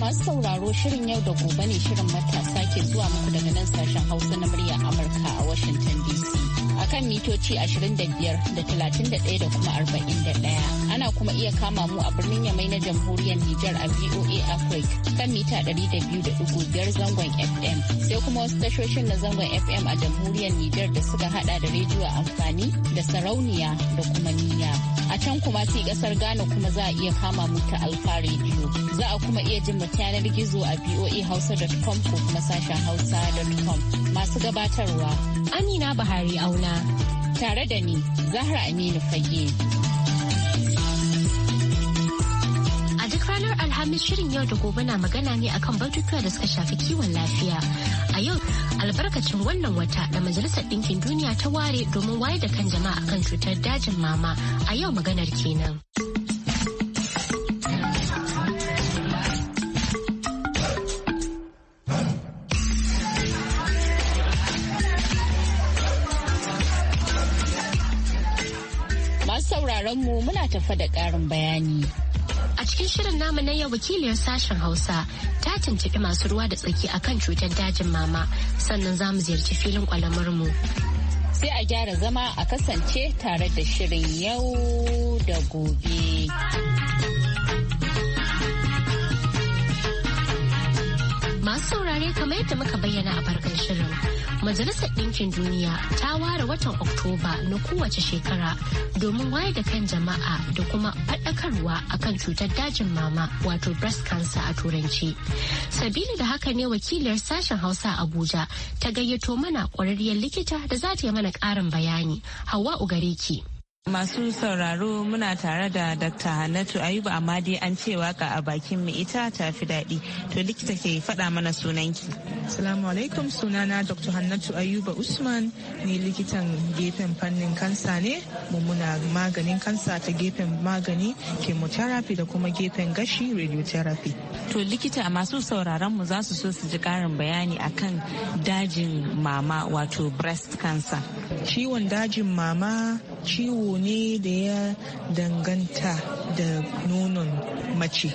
masu sauraro shirin yau da gobe ne shirin matasa ke zuwa muku daga nan sashen hausa na murya amurka a washington dc akan mitoci 25 da 31 da kuma 41 Ana kuma iya kama mu a birnin Yamai na jamhuriyar Nijar a VOA Africa kan mita 200.5 zangon FM. Sai kuma wasu tashoshin na zangon FM a jamhuriyar Nijar da suka hada da rediyo amfani da sarauniya da kuma niyya. A can kuma sai kasar Ghana kuma za a iya kama mu ta Alfa Radio. Za a kuma iya jin yanar gizo a voahausa.com ko kuma sashen hausa.com. Masu gabatarwa Amina Buhari Auna. Tare da ni, Zahra Aminu Fage. Alhamis shirin yau da gobe na magana ne akan batutuwa da suka shafi kiwon lafiya. A yau albarkacin wannan wata da Majalisar Ɗinkin Duniya ta ware domin waye da kan jama'a akan cutar dajin mama a yau maganar kenan. Masu sauraron mu muna tafa da ƙarin bayani. A cikin shirin namu na yau wakiliyar sashen Hausa ta tuntuɓi masu ruwa da tsaki akan cutar dajin mama sannan za mu ziyarci filin mu. Sai a gyara zama a kasance tare da shirin yau da gobe. masu saurare kamar yadda muka bayyana a farkon shirin. Majalisar Ɗinkin Duniya ta ware watan Oktoba na kowace shekara domin wayar da kan jama'a da kuma faɗakarwa akan cutar dajin mama wato breast cancer a turanci. Sabili da haka ne wakiliyar sashen Hausa a Abuja ta gayyato mana ƙwararriyar likita da za ta yi mana ƙarin bayani. Hawa Ugareki. Masu sauraro muna tare da Dr. Hannatu Ayuba amma dai an ce waka a bakin mu ita ta fi daɗi. To likita ke faɗa mana sunanki. Salamu alaikum sunana Dr. Hannatu Ayuba Usman ne likitan gefen fannin kansa ne mu muna maganin kansa ta gefen magani chemotherapy da kuma gefen gashi radiotherapy. To likita masu sauraron mu za su so su ji ƙarin bayani akan dajin mama wato breast cancer. Ciwon dajin mama ciwo ne da ya danganta da nonon mace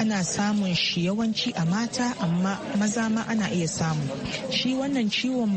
ana samun shi yawanci a mata amma maza ma ana iya samu shi wannan ciwon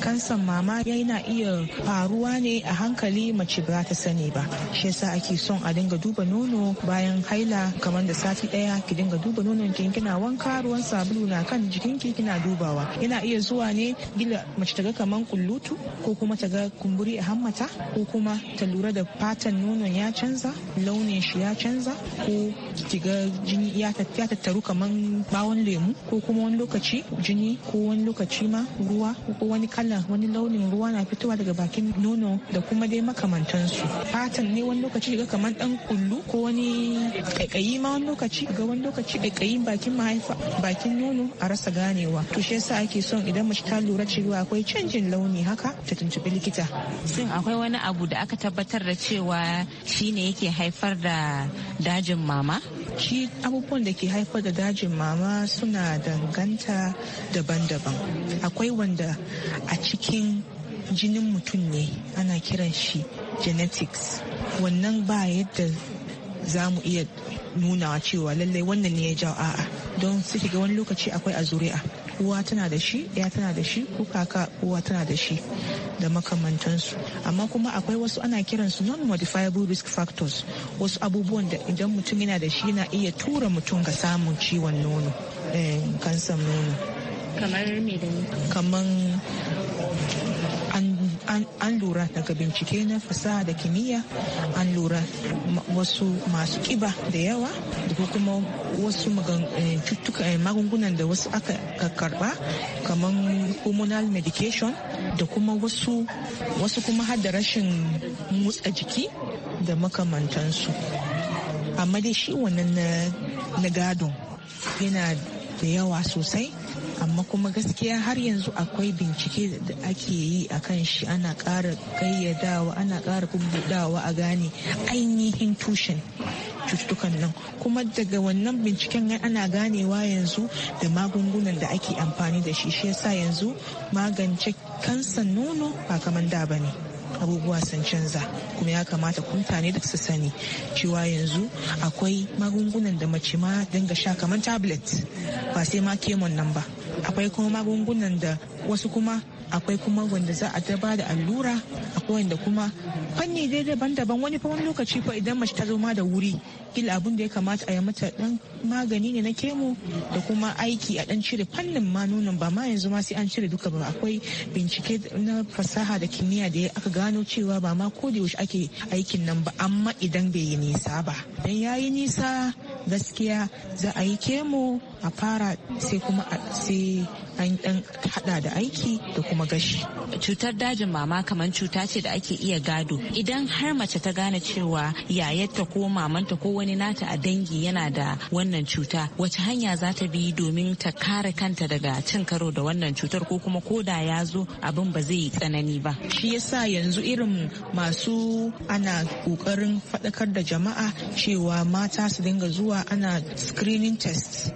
kansan mama yana iya faruwa ne a hankali mace ba ta sani ba shi yasa ake son a dinga duba nono bayan haila kamar da sati daya ki dinga duba nonon ki kina wanka ruwan sabulu na kan jikinki kina dubawa yana iya zuwa ne gila mace ta ga kamar kullutu ko kuma ta ga kumburi a hammata ko kuma ta lura lura da fatan nonon ya canza launin shi ya canza ko kiga jini ya tattaru kamar bawon lemu ko kuma wani lokaci jini ko wani lokaci ma ruwa ko wani kalan wani launin ruwa na fitowa daga bakin nono da kuma dai makamantansu fatan ne wani lokaci ga kamar dan kullu ko wani kaikayi ma wani lokaci ga wani lokaci kaikayin bakin mahaifa bakin nono a rasa ganewa to shi yasa ake son idan mace ta lura cewa akwai canjin launi haka ta tuntubi likita shin akwai wani abu da aka tabbatar tabbatar da cewa shi ne yake haifar da dajin mama? Shi abubuwan da ke haifar da dajin mama suna danganta daban-daban. Akwai wanda a cikin jinin mutum ne ana kiran shi genetics. Wannan ba yadda za mu iya nunawa cewa lallai wannan ne ya jawo a'a don suke ga wani lokaci akwai a zuri'a. uwa tana da shi ya tana da shi ko kaka uwa tana da shi da makamantansu amma kuma akwai wasu ana kiransu non-modifiable risk factors wasu abubuwan da idan mutum yana da shi na iya tura mutum ga samun ciwon nono eh, kansan nono kamar an lura daga bincike na fasaha da kimiyya an lura wasu masu kiba da yawa da kuma wasu eh, eh, magungunan da wasu aka karba kamar hormonal medication da kuma wasu kuma har rashin motsa jiki da makamantansu amma dai shi wannan na gado yana da yawa sosai amma kuma gaskiya har yanzu akwai bincike da ake yi a kan shi ana ƙara ƙayyadawa ana ƙara bubbudawa a gane ainihin tushen cututtukan nan kuma daga wannan binciken ana ganewa yanzu da magungunan da ake amfani da shi shi yasa yanzu magance kansan nono ba kamar da ba ne abubuwa sun canza kuma ya kamata mutane da su sani cewa yanzu akwai magungunan da mace ma dinga sha kamar tablet ba sai ma kemon nan ba akwai kuma magungunan da wasu kuma akwai kuma wanda za a ta da allura akwai wanda kuma fanni dai daban-daban wani fa wani lokaci fa idan mace ta zo ma da wuri kila abin da ya kamata a yi mata dan magani ne na kemo da kuma aiki a dan cire fannin ma nonon ba ma yanzu ma sai an cire duka ba akwai bincike na fasaha da kimiyya da aka gano cewa ba ma ko da yaushe ake aikin nan ba amma idan bai yi nisa ba dan yayi nisa gaskiya za a yi kemo a fara sai kuma sai an dan hada da aiki da kuma gashi cutar dajin mama kamar cuta ce da ake iya gado idan har mace ta gane cewa yayarta ko mamanta ko wani nata a dangi yana da wannan cuta wace hanya za ta bi domin ta kare kanta daga cin karo da wannan cutar ko kuma ko da ya zo abin ba zai yi tsanani ba shi yasa yanzu irin masu ana kokarin faɗakar da jama'a cewa mata su dinga zuwa ana screening test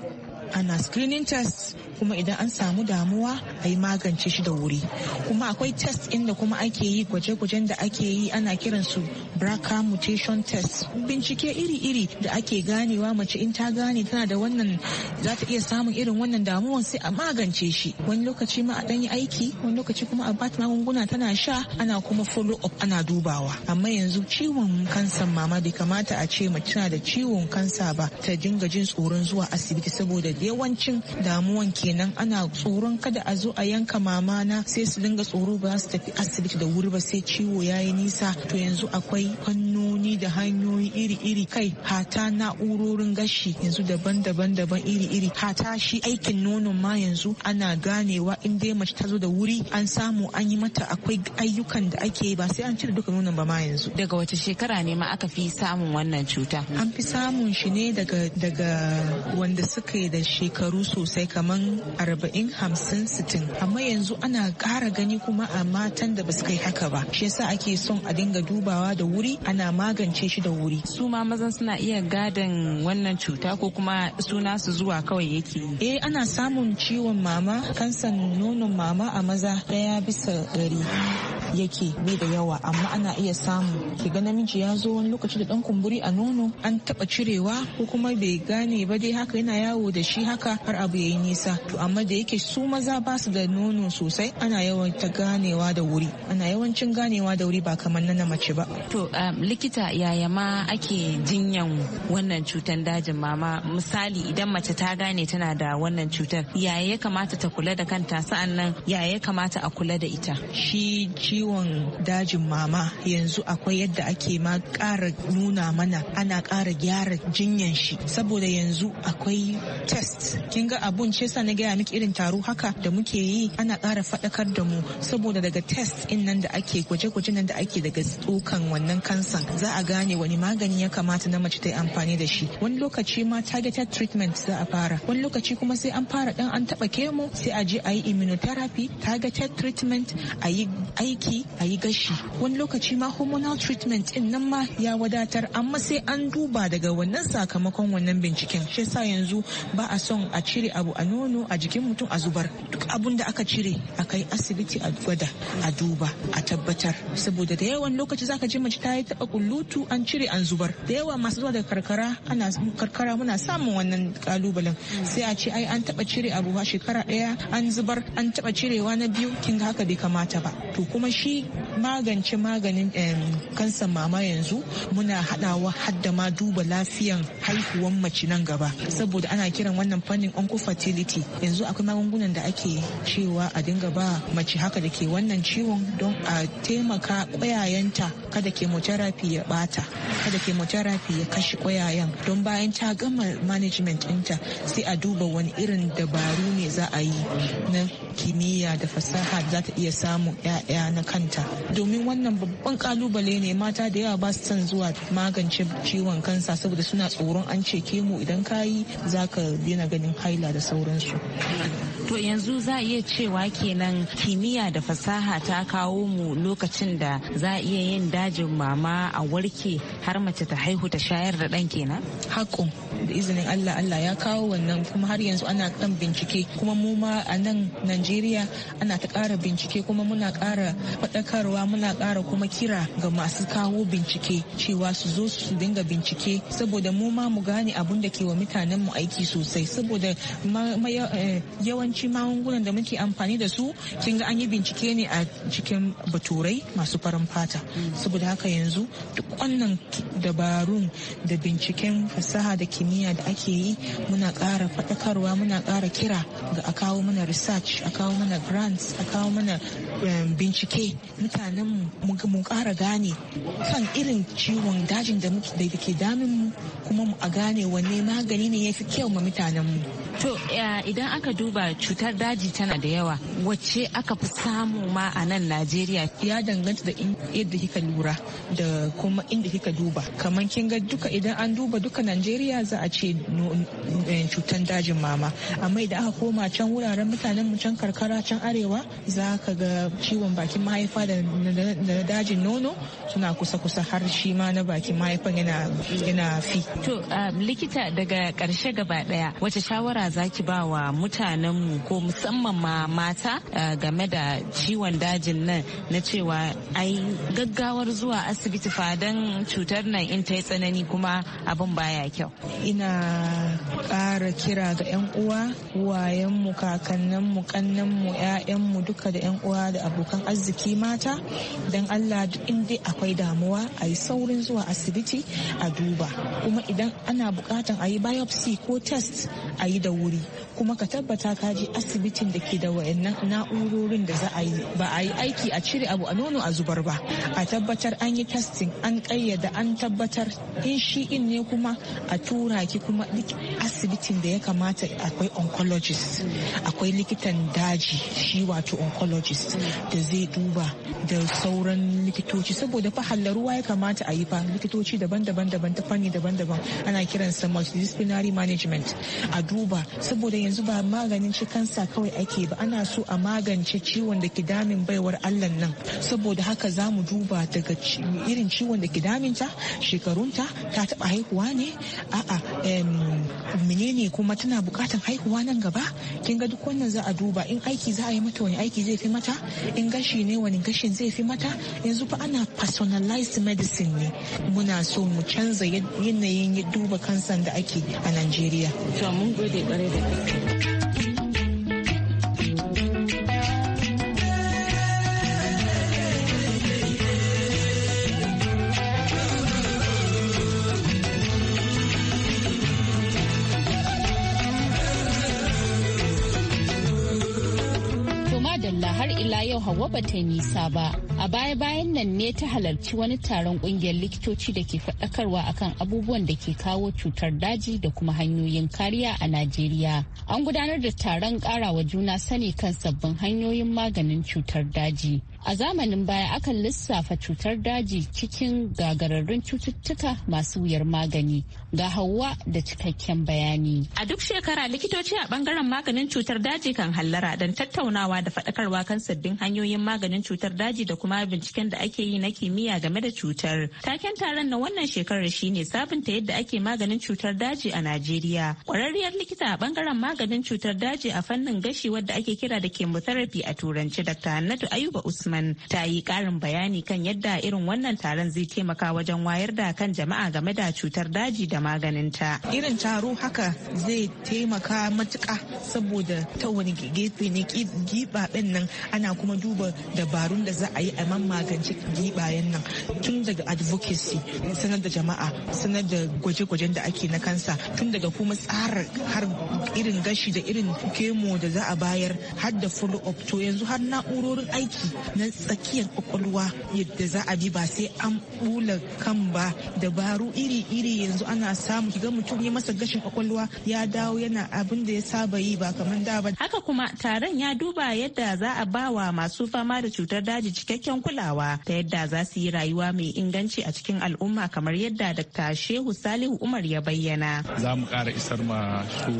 ana screening test kuma idan an samu damuwa a yi magance shi da wuri kuma akwai test inda kuma ake yi gwaje-gwajen da ake yi ana kiran su BRCA mutation test bincike iri-iri da ake ganewa mace in ta gane tana da wannan za ta iya samun irin wannan damuwan sai a magance shi wani lokaci ma a yi aiki wani lokaci kuma a bata magunguna tana sha ana kuma follow up ana dubawa amma yanzu ciwon kansan mama bai kamata a ce mace tana da ciwon kansa ba ta dinga jin tsoron zuwa asibiti saboda yawancin damuwan kenan ana tsoron kada a zo a yanka mama na sai su dinga tsoro ba su tafi asibiti da wuri ba sai ciwo ya yi nisa to yanzu akwai fannoni da hanyoyi iri-iri kai hata na'urorin gashi yanzu daban-daban daban iri-iri hata shi aikin nonon ma yanzu ana ganewa in dai mace ta zo da wuri an samu an yi mata akwai ayyukan da ake ba sai an cire duka nonon ba ma yanzu daga wace shekara ne ma aka fi samun wannan cuta an fi samun shi ne daga daga wanda suka yi da shekaru sosai kamar arba'in hamsin sittin amma yanzu ana ƙara gani kuma a matan da ba su kai haka ba shi yasa ake son a dinga dubawa da wuri ana magance shi da wuri su ma mazan suna iya gadon wannan cuta ko kuma suna su zuwa kawai yake yi eh ana samun ciwon mama kansan nonon mama a maza daya bisa gari yake bai da yawa amma ana iya samu ki ga namiji ya zo wani lokaci da dan kumburi a nono an taba cirewa ko kuma bai gane ba dai haka yana yawo da shi haka har abu yayi nisa to amma da yake su maza ba su da nono sosai ana yawan ta ganewa da wuri ana yawancin ganewa da wuri ba kamar na mace ba to Um, likita yaya ma ake jinyan wannan cutan dajin mama misali idan mace ta gane tana da wannan cutar yaya ya kamata ta kula da kanta sa'annan yaya ya kamata a kula da ita shi ciwon dajin mama yanzu akwai yadda ake ma ƙara nuna mana ana kara gyara jinyan shi saboda yanzu akwai test kin ga abun ce sa na gaya miki irin taro haka da muke yi ana kara faɗakar da mu saboda daga test in nan da ake gwaje-gwaje nan da ake daga tsokan wannan cutan kansa za a gane wani magani ya kamata na mace ta yi amfani da shi wani lokaci ma targeted treatment za a fara wani lokaci kuma sai an fara dan an taba kemo sai a je a yi immunotherapy targeted treatment a yi aiki a yi gashi wani lokaci ma hormonal treatment din nan ma ya wadatar amma sai an duba daga wannan sakamakon wannan binciken shi yasa yanzu ba a son a cire abu a nono a jikin mutum a zubar duk abun da aka cire a kai asibiti a gwada a duba a tabbatar saboda da yawan lokaci zaka je mace ta yi taɓa kullutu an cire an zubar da yawa masu zuwa daga karkara ana karkara muna samun wannan kalubalen sai a ce ai an taba cire a shekara ɗaya an zubar an taba cirewa na biyu kin ga haka bai kamata ba to kuma shi magance maganin kansan mama yanzu muna haɗawa hadda ma duba lafiyan haihuwan mace nan gaba saboda ana kiran wannan fannin fertility yanzu akwai magungunan da ake cewa a dinga ba mace haka da ke wannan ciwon don a taimaka kwayayenta kada ke chemotherapy ya bata kada chemotherapy ya kashe kwayayen don bayan ta gama management ɗinta sai a duba wani irin dabaru ne za a yi na kimiyya da fasaha za ta iya samun 'ya'ya na kanta domin wannan babban kalubale ne mata da yawa ba su son zuwa magance ciwon kansa saboda suna tsoron an ce kemo idan kayi za ka daina ganin haila da sauransu to yanzu za a iya cewa kenan kimiyya da fasaha ta kawo mu lokacin da za a iya yin dajin mama a warke har mace ta haihu ta shayar da ɗan kenan haƙo da izinin allah allah ya kawo wannan kuma har yanzu ana kan bincike kuma mu ma a nan najeriya ana ta ƙara bincike kuma muna kara faɗakarwa muna kara kuma kira ga masu kawo bincike cewa su zo su dinga bincike saboda mu ma mu gane abun da ke wa mutanen mu aiki sosai saboda eh, yawanci yawanci magungunan da muke amfani da su kin ga an yi bincike ne a cikin baturai masu farin fata saboda haka yanzu duk wannan dabarun da binciken fasaha da kimiyya da ake yi muna ƙara faɗakarwa muna ƙara kira ga a kawo mana research a kawo mana grants a kawo mana eh, bincike mutanen mu ƙara gane kan irin ciwon dajin da ke damin mu kuma a gane wanne magani ne ya fi kyau ma mutanen mu to eh, idan aka duba cutar daji tana da yawa wacce aka fi samu ma a nan najeriya ya danganta da yadda kika lura da kuma inda kika duba kamar kin ga duka idan an duba duka najeriya za a ce eh, cutar dajin mama amma idan aka koma can wuraren mutanen mu can karkara can arewa za ka ga ciwon bakin mahaifa da dajin nono suna kusa-kusa har shi ma na bakin mahaifan yana fi to um, likita daga karshe gaba daya wace shawara zaki ba wa mutanen mu ko musamman ma mata eh, game da ciwon dajin nan na cewa ai gaggawar zuwa asibiti fadan cutar nan in ta yi tsanani kuma abin baya kyau ina ƙara kira ga 'yan uwa wayanmu mu kannanmu mu duka da 'yan uwa da abokan arziki mata don allah duk inda akwai damuwa a yi saurin zuwa asibiti a duba kuma idan ana bukatan a yi biopsy ko test a yi da wuri kuma ka tabbata ka je asibitin da ke da wayannan na'urorin da za a yi ba a yi aiki a cire abu a nono a zubar ba a tabbatar an yi testing an kayyada an tabbatar in shi in ne kuma a tura ki kuma duk asibitin da ya kamata akwai oncologist akwai likitan daji shi wato oncologist da zai duba da sauran likitoci saboda fa ruwa ya kamata a yi fa likitoci daban-daban daban ta fanni daban-daban ana kiransa multidisciplinary management a duba saboda yanzu ba maganin cika kansa kawai ake ba ana so a magance ciwon da ke damin baiwar allah nan saboda haka za mu duba daga irin ciwon da ke daminta shekarunta ta taba haihuwa ne a'a menene kuma tana bukatan haihuwa nan gaba kin ga duk wannan za a duba in aiki za a yi mata wani aiki zai fi mata in gashi ne wani gashin zai fi mata yanzu fa ana personalized medicine ne muna so mu canza yanayin duba kansan da ake a Najeriya. To mun gode kwarai da har ila yau hawa bata nisa ba. a baya-bayan nan ne ta halarci wani taron kungiyar likitoci da ke faɗakarwa akan abubuwan da ke kawo cutar daji da kuma hanyoyin kariya a najeriya an gudanar da taron karawa juna sani kan sabbin hanyoyin maganin cutar daji a zamanin baya akan lissafa cutar daji cikin gagararrun cututtuka masu wuyar magani ga hawa da cikakken bayani a duk shekara likitoci a bangaren maganin cutar daji kan hallara don tattaunawa da faɗakarwa kan sabbin hanyoyin maganin cutar daji da kuma kuma binciken da ake yi na kimiyya game da cutar. Taken taron na wannan shekarar shine sabunta yadda ake maganin cutar daji a Najeriya. Kwararriyar likita a bangaren maganin cutar daji a fannin gashi wadda ake kira da chemotherapy a turanci Dr. Hannatu Ayuba Usman ta yi karin bayani kan yadda irin wannan taron zai taimaka wajen wayar da kan jama'a game da cutar daji da maganin ta. Irin taro haka zai taimaka matuka saboda ta wani gefe ne gibaben nan ana kuma duba dabarun da za a yi a magance gibayen nan tun daga advocacy sanar da jama'a sanar da gwaje-gwajen da ake na kansa tun daga kuma tsara har irin gashi da irin kemo da za a bayar har da follow up to yanzu har na'urorin aiki na tsakiyar kwakwalwa yadda za a bi ba sai an bula kan ba dabaru iri-iri yanzu ana samu ga mutum ya masa gashin kwakwalwa ya dawo yana abin da ya saba yi ba kamar da ba haka kuma taron ya duba yadda za a ba wa masu fama da cutar daji cikakken cikakken kulawa ta yadda za su yi rayuwa mai inganci a cikin al'umma kamar yadda Dr. Shehu Salihu Umar ya bayyana. Za mu ƙara isar ma su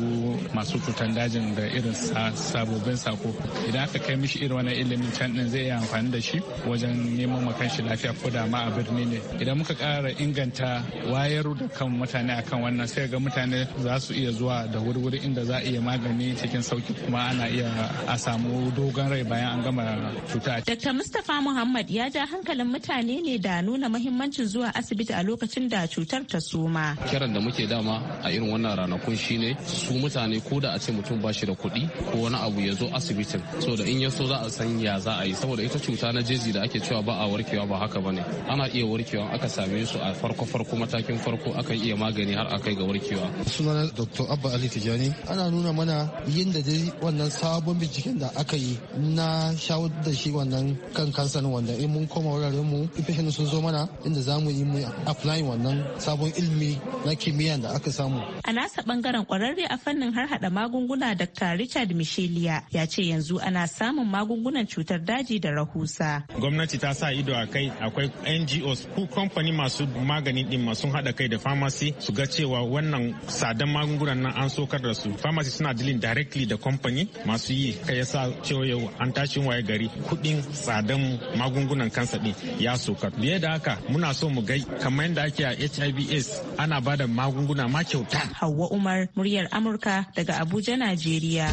masu cutan dajin da irin sababbin sako. Idan aka kai mishi irin wani ilimin can ɗin zai yi amfani da shi wajen neman ma shi lafiya ko da ma a birni ne. Idan muka kara inganta wayar da kan mutane akan wannan sai ga mutane za su iya zuwa da wuri-wuri inda za iya magani cikin sauki kuma ana iya a samu dogon rai bayan an gama cuta. Dr. Mustapha Muhammad Muhammad ya ja hankalin mutane ne da nuna muhimmancin zuwa asibiti a lokacin da cutar ta suma. Kiran da muke dama a irin wannan ranakun shine su mutane ko da a ce mutum ba shi da kuɗi ko wani abu ya zo asibitin da in ya so za a san ya za a yi saboda ita cuta na jeji da ake cewa ba a warkewa ba haka bane ana iya warkewa aka same su a farko farko matakin farko aka iya magani har akai ga warkewa. Sunana Dr. Abba Ali Tijani ana nuna mana yin da dai wannan sabon binciken da aka yi na shawar da shi wannan kan kansa wanda in mun koma wuraren mu infection sun zo mana inda za mu yi mu apply wannan sabon ilimi na kimiyya da aka samu. A nasa bangaren kwararre a fannin har hada magunguna Dr. Richard Michelia ya ce yanzu ana samun magungunan cutar daji da rahusa. Gwamnati ta sa ido a kai akwai NGOs ko kamfani masu magani din masu hada kai da pharmacy su ga cewa wannan sadan magungunan nan an sokar da su. Pharmacy suna dilin directly da kamfani masu yi kai yasa cewa an tashi waye gari kudin sadan magungunan kansa ɗin ya soka biye da haka muna so mu gai kamar yadda ake a hiv aids ana ba da magunguna ma kyauta Hauwa umar muryar amurka daga abuja najeriya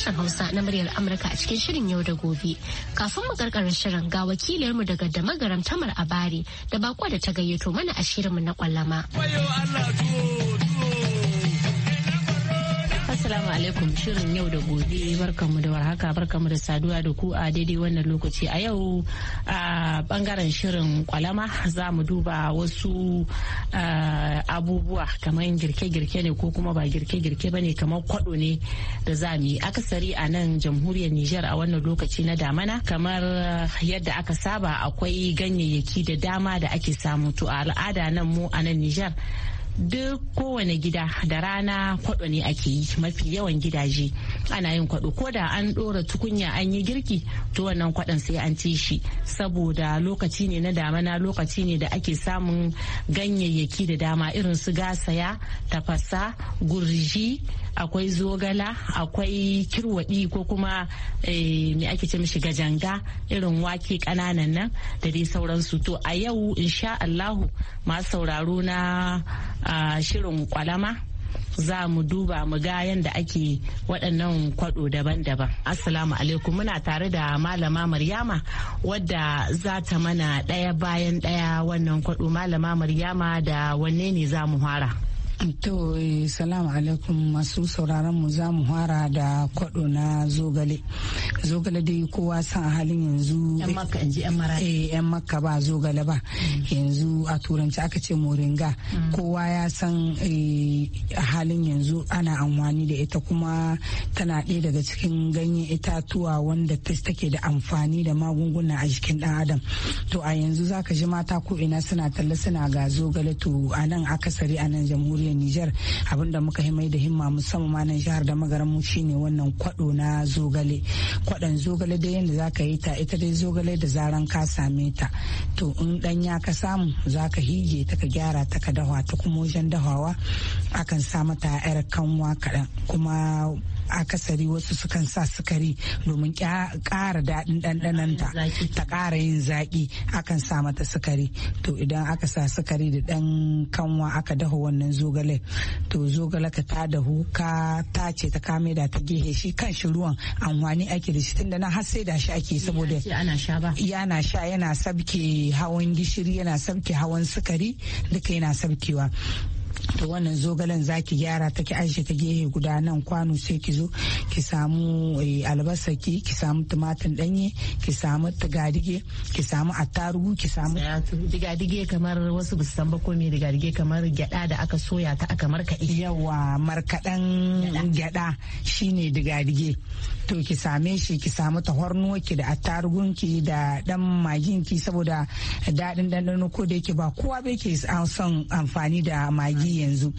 sashen Hausa na muryar Amurka a cikin shirin yau da gobe. Kafin mu karkarar shirin ga wakilarmu daga Damagaram Tamar Abari da bakwa da ta gayyato mana a shirinmu na kwallama. alaikum shirin yau da gobe barkanmu da warhaka mu da saduwa da ku a daidai wannan lokaci a yau a bangaren shirin kwalama za mu duba wasu abubuwa kamar girke-girke ne ko kuma ba girke-girke ba ne kamar kwado ne da za mu yi akasari a nan jamhuriyar Nijar a wannan lokaci na damana kamar yadda aka saba akwai ganyayyaki da dama da ake samu to a al'ada nan mu a nan Nijar duk kowane gida da rana kwaɗo ne ake yi mafi yawan gidaje ana yin kwaɗo ko da an ɗora tukunya an yi girki to wannan kwaɗon sai an ci shi saboda lokaci ne na damana lokaci ne da ake samun ganyayyaki da dama irin su gasaya tafasa gurji akwai zogala akwai kirwaɗi ko kuma eh, me ake ce mishi gajanga irin wake ƙananan nan da dai sauransu to a yau insha Allahu masu sauraro na shirin kwalama za mu duba mu ga yadda ake waɗannan kwaɗo daban-daban. Assalamu alaikum muna tare da malama Maryama wadda za ta mana ɗaya bayan ɗaya wannan kwaɗo malama Maryama da wanne ne za mu fara. To, eh, salamu alaikum masu sauraron mu za mu fara da kwado na zogale. Zogale dai kowa san halin yanzu. Yan maka in ji eh, ba zogale ba. Mm. Yanzu a turanci aka ce moringa. Mm. Kowa ya san eh, halin yanzu ana amfani da ita kuma tana ɗaya daga cikin ganyen itatuwa wanda take da amfani da magunguna a jikin ɗan adam. To a yanzu zaka ji mata ko ina suna talla suna ga zogale to a nan akasari a nan jamhuriyar jamhuriyar Nijar abinda muka himai da himma musamman ma nan jihar da mu shine wannan kwado na zogale kwadon zogale da yadda zaka yi ta ita dai zogale da zaran ka same ta to in dan ya ka samu zaka ka hige ta ka gyara ta ka dawa ta kuma wajen dahawa akan sa mata yar kanwa kaɗan kuma akasari wasu sukan sa sukari domin kara daɗin ɗanɗanonta ta ƙara yin zaƙi akan sa mata sukari to idan aka sa sukari da ɗan kanwa aka dafa wannan zogale to zogale ka ta dahu ka tace ta kame da ta gehe shi kan shi ruwan amfani ake da shi tunda na har sai da shi ake saboda yana sha yana sabke hawan gishiri yana sabke hawan sukari duka yana sabkewa to wannan zogalen za ki gyara ta ki aje ta gehe guda nan kwano sai ki zo ki samu eh, albasa ki ki samu tumatir danye ki samu digadige ki samu attarugu ki samu digadige kamar wasu bisu san ba me digadige kamar gyada da aka soya ta aka markade yawa markadan gyada shine digadige to ki same shi ki samu ki da ki da dan ki saboda dadin ɗanɗano ko da yake ba kowa bai ke son amfani da magi yanzu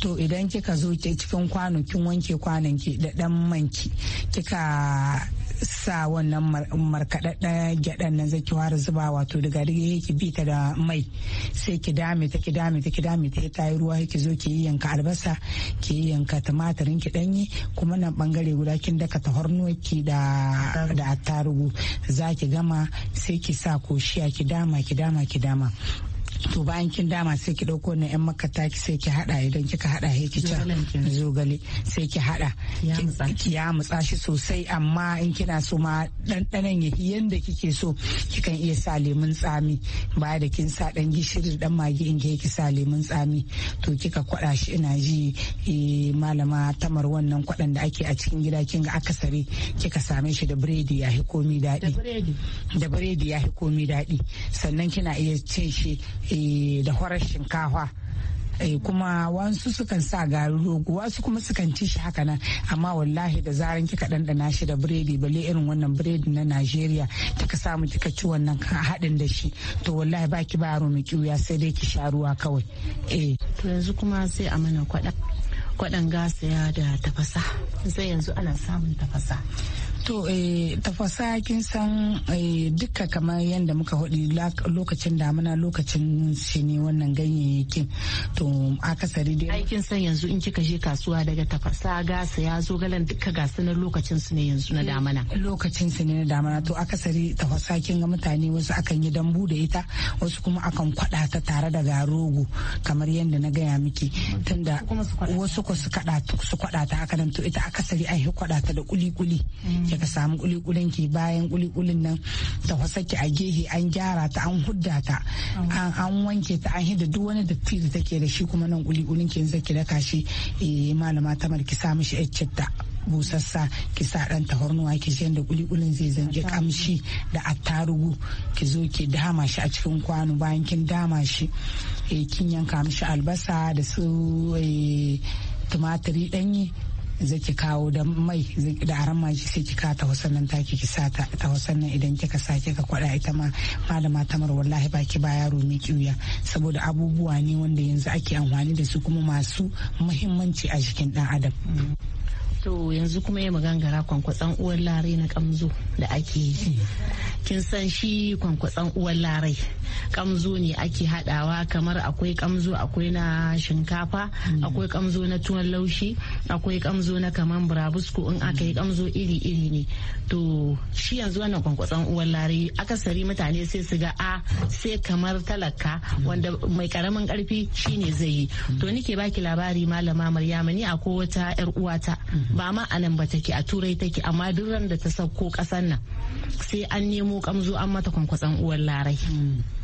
to idan kika zo cikin kwano kin wanke kwanon ki da dan manki kika sa wannan markaɗaɗɗen gyaɗan nan zai ki zuba wato daga ya ki bi ta da mai sai ki dame ta ki dame ta ki dame ta ya tayi ruwa ki zo ki yanka albasa ki yanka tumatirin ki danyi kuma nan bangare guda kin daka tahornuwa ki da da attarugu za ki gama sai ki sa koshiya ki dama ki dama ki dama to bayan kin dama sai ki dauko na yan makata ki sai ki hada idan kika hada he ki zogale sai ki hada ki ya mutsa shi sosai amma in kina so ma dandanan ya yanda kike so kikan iya sa lemun tsami baya da kin sa dan gishiri dan magi in ki sa lemun tsami to kika kwaɗa shi ina ji e, malama tamar wannan kwadan da ake a cikin gida kin ga akasari kika same shi da biredi ya hi komi daɗi da biredi ya hi komi daɗi sannan kina iya cin shi Eh, da horar shinkafa eh, kuma wasu sukan sa garin rogo wasu kuma sukan ci shi haka nan amma wallahi da zaran kika ɗanɗana shi da biredi balle irin wannan biredi na Najeriya kika samu kika ci wannan haɗin da shi to wallahi baki ba yaro mai kiwuya sai dai ki sha ruwa kawai eh to yanzu kuma sai a mana kwaɗa kwaɗan ya da tafasa sai yanzu ana samun tafasa to eh, tafasa kin san eh, duka kamar yadda muka hudu lokacin damuna lokacin shi ne wannan ganyayyakin to akasari dai aikin san yanzu in kika je kasuwa daga tafasa gasa ya zo galan duka gasu na lokacin su ne yanzu na damuna lokacin su ne na damuna to akasari tafasa kin ga mutane wasu akan yi dambu da ita wasu kuma akan kwada ta tare da garogo kamar yadda na gaya miki tunda wasu ko su kwada ta haka nan to ita akasari ai kwada ta da kuli kuli mm. ka samu kulikulin ki bayan kulikulin nan ta ki a gehe an gyara ta an hudda ta an wanke ta an hidda duk wani datti da take da shi kuma nan kulikulin ki zaki daka shi eh, malama tamar ki sa mishi citta busassa ki sa dan tafarnuwa ki je da kulikulin zai zange kamshi da attarugu ki zo ki dama shi a cikin kwano bayan kin dama shi eh, kin yanka mishi albasa da su eh, tumatiri danyi ki kawo da mai da aran ki sai ki ka tausan taki ki sa ta tausan nan idan kika sa kika kwada ita ma malama ta tamar wallahi baki ba yaro mai saboda abubuwa ne wanda yanzu ake amfani da su kuma masu muhimmanci a jikin dan adam to yanzu kuma ya magangara kwankwatsan uwar lare na kamzo da ake yi kin san shi kwankwatsan uwan larai kamzo ne ake hadawa kamar akwai kamzo akwai na shinkafa mm. akwai kamzo na tuwon laushi akwai kamzo na kamar burabusko in aka yi mm. kamzo iri-iri ne to shi yanzu wannan kwankwatsan uwan larai akasari mutane sai su ga a ah, sai kamar talaka mm. wanda mai karamin karfi shine zai yi to nike baki labari malama maryama ni akwai wata yar uwata ba ma anan ba take a turai take amma duk da ta sauko kasan nan sai an nemo ko an mata kwankwatsan uwar larai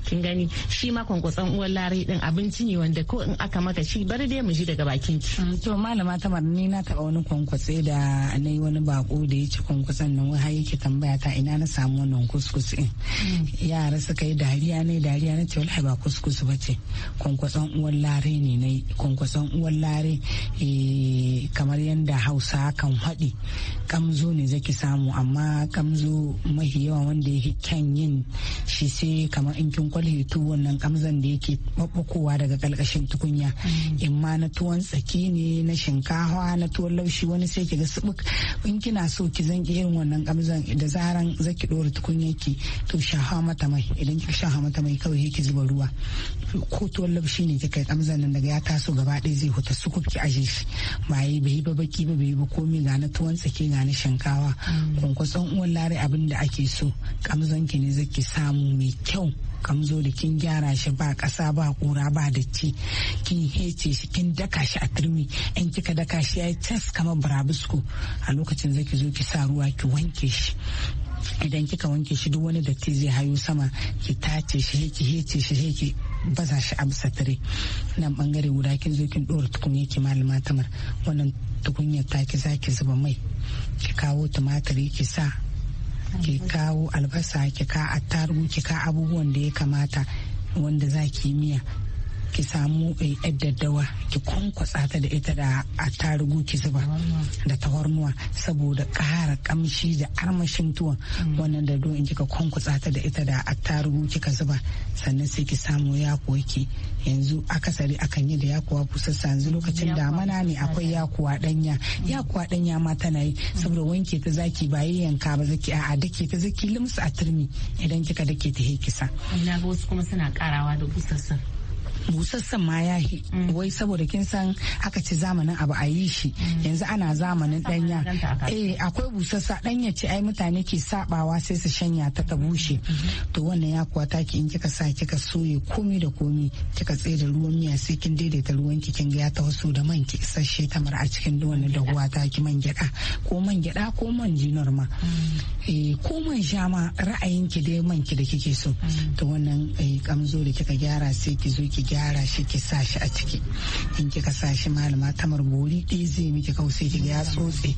kin gani shi ma kwankwatsan uwar larai din abinci ne wanda ko in aka maka shi bari dai mu ji daga bakin ki mm, to malama tamar ni na taba wani kwankwatse da na yi wani bako da ya ci kwankwatsan nan wai har yake tambaya ta ina na samu wannan kuskus din yara suka yi dariya ne dariya na ce wallahi ba kuskus ba ce kwankwatsan uwar larai ne na kwankwatsan uwar larai eh, kamar yadda hausa kan haɗi kamzu ne zaki samu amma kamzu mahi yawa wanda yi yin shi sai kamar in kin kwalhe tuwon nan kamzan da yake babbakowa daga kalkashin tukunya mm. in ma na tuwon tsaki ne na shinkawa na tuwon laushi wani sai ki ga subuk in kina so ki zanki irin wannan kamzan da zaran zaki dora tukunya ki to shaha mata mai idan kika shaha mata mai kawai ki zuba ruwa ko tuwon laushi ne kika kamzan nan daga ya taso gaba ɗaya zai huta sukuf ki aje shi baye bai ba baki ba bai ba komai ga na tuwon tsake ga na shinkawa mm. kwankwason uwan lare abin da ake so kamzon ki ne zaki samu mai kyau kamzo da kin gyara shi ba kasa ba kura ba ci kin hece shi kin daka shi a turmi in kika daka shi ya yi tas kamar burabusko a lokacin zaki zo ki sa ruwa ki wanke shi idan kika wanke shi duk wani datti zai hayo sama ki tace shi ki hece shi ki baza shi a bisa tare nan bangare guda kin zo kin dora tukunya ki malama tamar wannan tukunyar za zaki zuba mai ki kawo tumatir ki sa ki kawo albasa ki ka attarugu ki ka abubuwan da ya kamata wanda zaki yi miya ki samu eh, daddawa ki kwankwasa ta da ita da attarugu ki zuba da tawarnuwa saboda ƙara kamshi da armashin tuwon mm. wannan da in kika kwankwasa ta da ita da tarugu kika zuba sannan sai ki samu yakuwa ki yanzu akasari akan yi da ya yakuwa busassa yanzu lokacin damana ne akwai eh. ya kuwa danya mm. kuwa danya ma tana yi saboda wanke ta zaki ba yi yanka ba zaki a'a dake ta zaki limsa a turmi idan kika dake ta hekisa. Na ga wasu kuma suna karawa da busassan. busassan ma ya yahi mm. wai saboda kin san aka ci zamanin abu a yi shi mm. yanzu ana zamanin danya eh akwai busassa danya ce ai mutane ke sabawa sai su shanya ta ta bushe mm-hmm. to wannan ya kuwa taki in kika sa kika soye komi da komi kika tsaye da ruwan miya sai kin daidaita ruwan ki kin ga ya wasu da man ki isasshe tamar a cikin wannan dahuwa ki man gyada ko man gyada ko man jinar ma mm. eh ko man sha ma ra'ayin ki dai man ki da kike so to wannan eh, kamzo da kika gyara sai ki zo ki gyara shi ki sa shi a ciki in kika sa shi malama tamar bori ɗaya zai miki kausai sai ki ya tsotse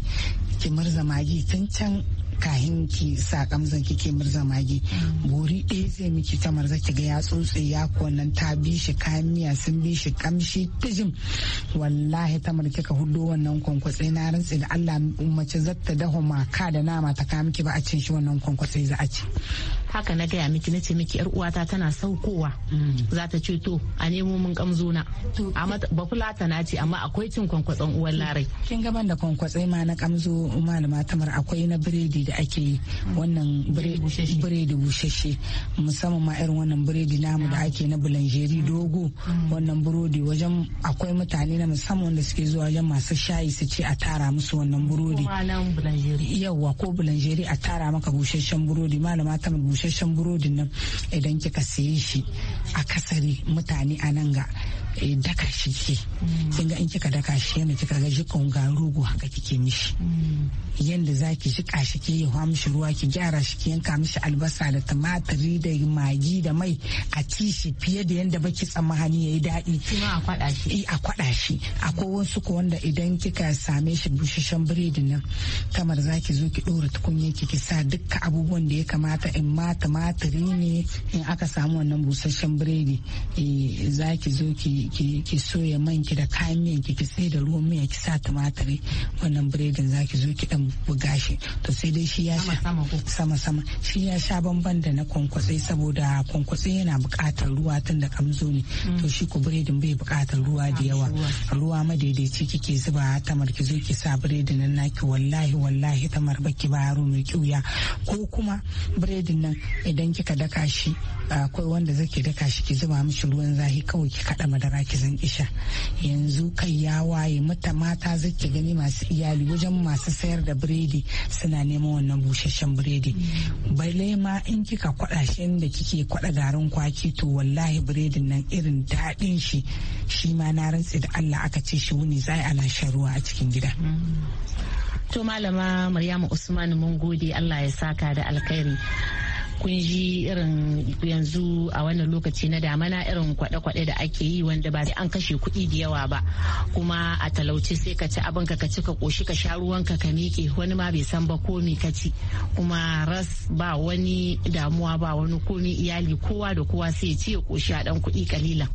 ki murza magi tun can kahin ki sa kamzan kike murza magi bori ɗaya zai miki tamar zaki ga ya tsotse ya kwanan ta bi shi kayan miya sun bi shi kamshi tijim wallahi tamar kika hudu wannan kwankwatse na rantsi da Allah mace zata daho maka da nama ta kama miki ba a cin shi wannan kwankwatse za a ci haka na gaya miki na ce miki yar uwata tana saukowa mm. za ta ce to a nemo mun kamzona ba fulata na ce amma akwai cin kwankwatsan uwar larai kin gaban da kwankwatsai ma na kamzo malama tamar akwai na biredi da ake yi mm. wannan biredi bushashe musamman ma irin wannan biredi namu da ake na bulanjeri dogo wannan burodi wajen akwai mutane na musamman da suke zuwa wajen masu shayi su ce a tara musu wannan burodi yawwa ko bulanjeri a tara maka busasshen burodi malama ta busasshen burodi nan idan kika siye shi a kasari mutane a nan ga Eh, daka shi ke mm. kin ga in kika daka shi yana kika ga jikon garugu haka kike mishi mm. yanda zaki jika shi ke yi mishi ruwa ki gyara shi ki yanka mishi albasa da tumatiri da magi da mai a ci fiye da yanda baki tsammani yayi daɗi a kwada shi eh, a kwada shi akwai wasu ko wanda idan kika same shi bushishan biredi na kamar zaki zo ki ɗora tukunya ki ki sa dukkan abubuwan da ya kamata in ma tumatiri ne in aka samu wannan busasshen biredi eh, zaki zo ki ki ki soya man ki da kayan miyan ki ki sai da ruwan miya ki sa tumatiri wannan biredin za ki zo ki dan buga shi to sai dai shi ya sha sama sama shi ya sha bamban da na kwankwasai saboda kwankwasai yana buƙatar ruwa tun da kamzo ne mm. to shi ku biredin bai buƙatar ruwa da ah, yawa ruwa madaidaici kike zuba tamar ki zo ki sa biredin nan naki wallahi wallahi tamar baki ba yaro mai kyuya ko kuma biredin nan idan kika daka shi akwai wanda zake daka shi ki zuba mishi ruwan zafi kawai ki kada madara ki zan isha yanzu kai ya waye mata mata zake gani masu iyali wajen masu sayar da biredi suna neman wannan busasshen biredi balle ma in kika kwada shi inda kike kwada garin kwaki to wallahi biredin nan irin daɗin shi shi ma na rantse da Allah aka ce shi wuni zai ana shan ruwa a cikin gida To malama Maryamu Usman mun gode Allah ya saka da alkhairi. kun ji irin yanzu a wannan lokaci na damana irin kwaɗe-kwaɗe da ake yi wanda ba sai an kashe kuɗi da yawa ba kuma a talauci sai ka ci abinka ka ci ka koshi ka sha ruwanka ka miƙe wani ma bai san ba ko me ka ci kuma ras ba wani damuwa ba wani komi iyali kowa da kowa sai ya ci ya koshi a ɗan kuɗi ƙalilan.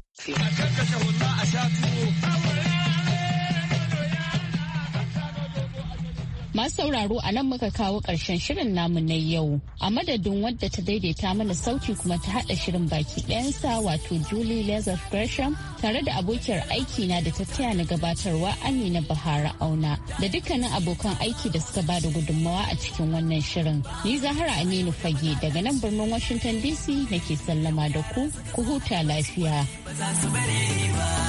Masu sauraro a nan muka kawo ƙarshen shirin namu na yau. A madadin wadda ta daidaita mana sauti kuma ta haɗa shirin baki ɗayansa wato Julie Lazar Gresham tare da abokiyar aiki na da ta taya na gabatarwa Amina Bahara Auna da dukkanin abokan aiki da suka ba da gudunmawa a cikin wannan shirin. Ni Zahara Aminu Fage daga nan birnin Washington DC nake sallama da ku ku huta lafiya. Ba za su ba.